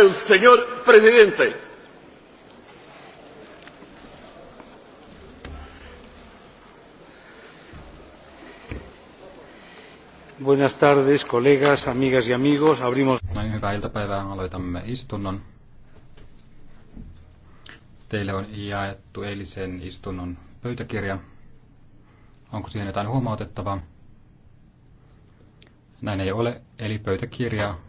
el señor presidente. Buenas tardes, colegas, amigas y amigos. Abrimos... Näin hyvää iltapäivää. Aloitamme istunnon. Teille on jaettu eilisen istunnon pöytäkirja. Onko siihen jotain huomautettavaa? Näin ei ole, eli pöytäkirjaa